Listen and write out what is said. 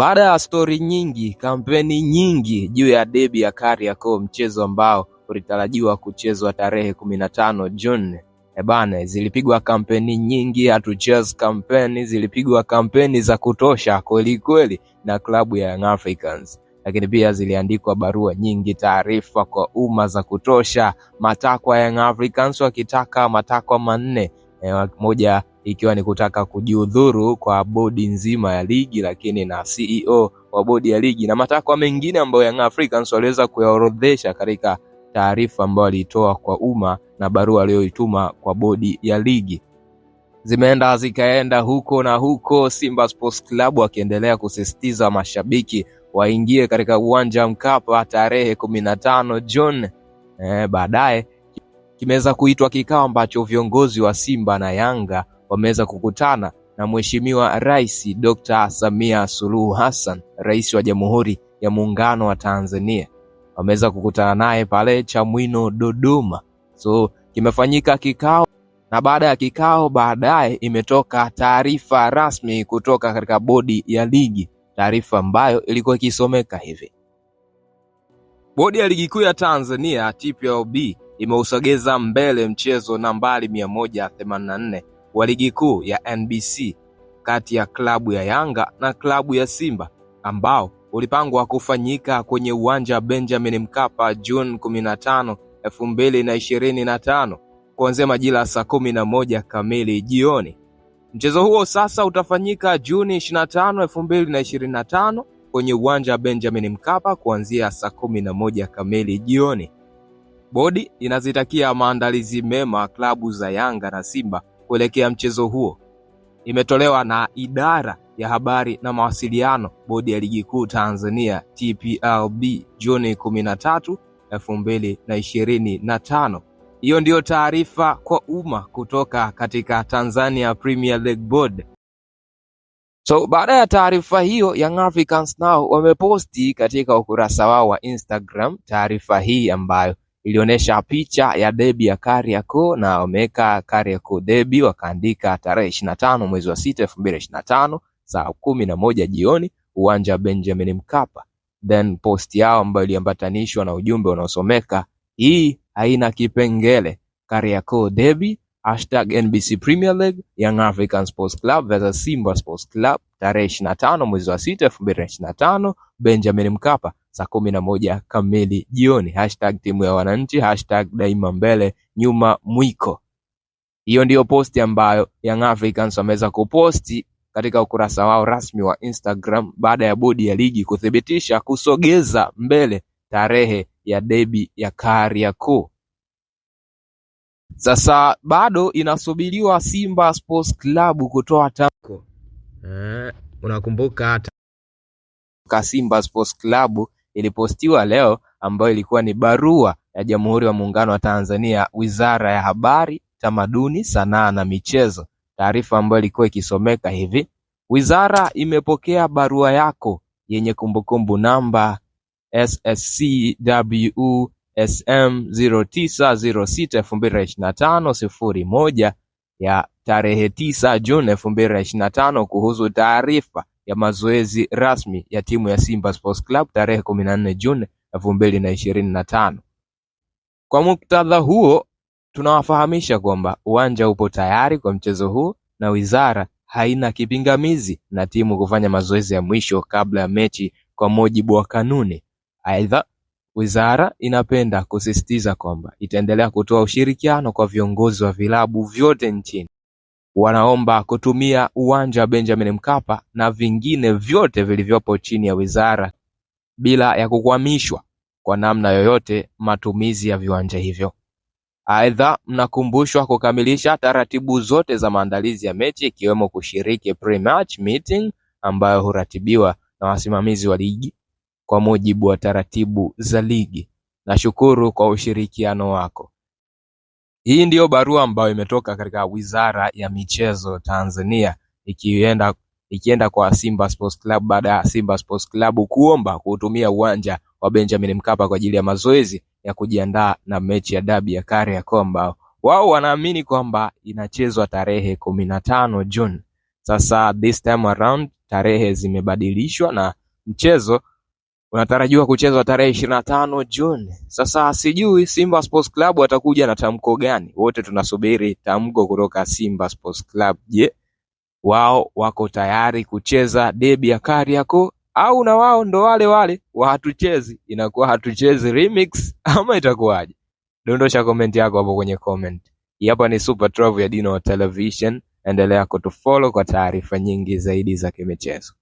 Baada ya stori nyingi, kampeni nyingi juu ya debi ya Kariakoo, mchezo ambao ulitarajiwa kuchezwa tarehe kumi na tano Juni ebane, eh zilipigwa kampeni nyingi, hatuchezi kampeni, zilipigwa kampeni za kutosha kwelikweli na klabu ya Young Africans lakini pia ziliandikwa barua nyingi, taarifa kwa umma za kutosha, matakwa ya Young Africans wakitaka matakwa manne. E, moja ikiwa ni kutaka kujiudhuru kwa bodi nzima ya ligi, lakini na CEO wa bodi ya ligi na matakwa mengine ambayo Young Africans waliweza kuyaorodhesha katika taarifa ambayo aliitoa kwa umma na barua aliyoituma kwa bodi ya ligi. Zimeenda zikaenda huko na huko, Simba Sports Club wakiendelea kusisitiza mashabiki waingie katika uwanja Mkapa tarehe kumi na tano Juni. Eh, baadaye kimeweza kuitwa kikao ambacho viongozi wa Simba na Yanga wameweza kukutana na Mheshimiwa Rais Dr. Samia Suluhu Hassan, Rais wa Jamhuri ya Muungano wa Tanzania. Wameweza kukutana naye pale Chamwino, Dodoma. So kimefanyika kikao na baada ya kikao, baadaye imetoka taarifa rasmi kutoka katika bodi ya ligi, taarifa ambayo ilikuwa ikisomeka hivi: bodi ya ligi kuu ya Tanzania TPLB imeusogeza mbele mchezo nambari 184 wa ligi kuu ya NBC kati ya klabu ya Yanga na klabu ya Simba ambao ulipangwa kufanyika kwenye uwanja wa Benjamin Mkapa Juni 15, 2025 kuanzia majira saa 11 kamili jioni. Mchezo huo sasa utafanyika Juni 25, 2025 kwenye uwanja wa Benjamin Mkapa kuanzia saa 11 kamili jioni. Bodi inazitakia maandalizi mema klabu za Yanga na Simba kuelekea mchezo huo imetolewa na idara ya habari na mawasiliano bodi ya ligi kuu Tanzania TPLB Juni 13, 2025. Hiyo ndiyo taarifa kwa umma kutoka katika Tanzania Premier League Board. So baada ya taarifa hiyo, Young Africans now wameposti katika ukurasa wao wa Instagram taarifa hii ambayo ilionyesha picha ya debi ya Kariakoo na wameweka Kariakoo debi, wakaandika tarehe 25 na tano mwezi wa sita elfu na tano saa kumi na moja jioni uwanja wa Benjamin Mkapa. Then post yao ambayo iliambatanishwa na ujumbe unaosomeka hii haina kipengele Kariakoo debi Hashtag #NBC Premier League Young African Sports Club vs Simba Sports Club tarehe ishirini na tano mwezi wa sita elfu mbili na ishirini na tano Benjamin Mkapa saa kumi na moja kamili jioni. Hashtag timu ya wananchi, hashtag daima mbele, nyuma mwiko. Hiyo ndiyo posti ambayo Young Africans wameweza kuposti katika ukurasa wao rasmi wa Instagram baada ya bodi ya ligi kuthibitisha kusogeza mbele tarehe ya debi ya Kariakoo sasa bado inasubiriwa simba sports club kutoa tamko eh, unakumbuka hata Simba Sports Club ilipostiwa leo ambayo ilikuwa ni barua ya Jamhuri ya Muungano wa Tanzania, Wizara ya Habari, Tamaduni, Sanaa na Michezo, taarifa ambayo ilikuwa ikisomeka hivi: Wizara imepokea barua yako yenye kumbukumbu namba SSCWU sm ziro ya tarehe 9 Juni 2025 kuhusu taarifa ya mazoezi rasmi ya timu ya Simba Sports Club tarehe 14 na nne Juni Kwa muktadha huo, tunawafahamisha kwamba uwanja upo tayari kwa mchezo huu na wizara haina kipingamizi na timu kufanya mazoezi ya mwisho kabla ya mechi kwa mujibu wa kanuni. Aidha, Wizara inapenda kusisitiza kwamba itaendelea kutoa ushirikiano kwa viongozi wa vilabu vyote nchini wanaomba kutumia Uwanja wa Benjamin Mkapa na vingine vyote vilivyopo chini ya Wizara bila ya kukwamishwa kwa namna yoyote matumizi ya viwanja hivyo. Aidha, mnakumbushwa kukamilisha taratibu zote za maandalizi ya mechi ikiwemo kushiriki pre-match meeting ambayo huratibiwa na wasimamizi wa ligi kwa mujibu wa taratibu za ligi. Nashukuru kwa ushirikiano wako. Hii ndiyo barua ambayo imetoka katika Wizara ya Michezo Tanzania ikienda, ikienda kwa Simba Sports Club baada ya Simba Sports Club kuomba kuutumia uwanja wa Benjamin Mkapa kwa ajili ya mazoezi ya kujiandaa na mechi ya dabi ya Kariakoo ambao wao wanaamini kwamba inachezwa tarehe kumi na tano Juni. Sasa this time around tarehe zimebadilishwa na mchezo unatarajiwa kuchezwa tarehe ishirini na tano Juni. Sasa sijui Simba Sports Club watakuja na tamko gani? Wote tunasubiri tamko kutoka Simba Sports Club. Je, yeah. wao wako tayari kucheza debi ya Kariakoo au na wao ndo wale wale wa hatuchezi? Inakuwa hatuchezi remix ama itakuwaje? Dondosha komenti yako hapo kwenye comment. Hapa ni Super Trove ya Dino Television, endelea kutufollow kwa taarifa nyingi zaidi za kimichezo.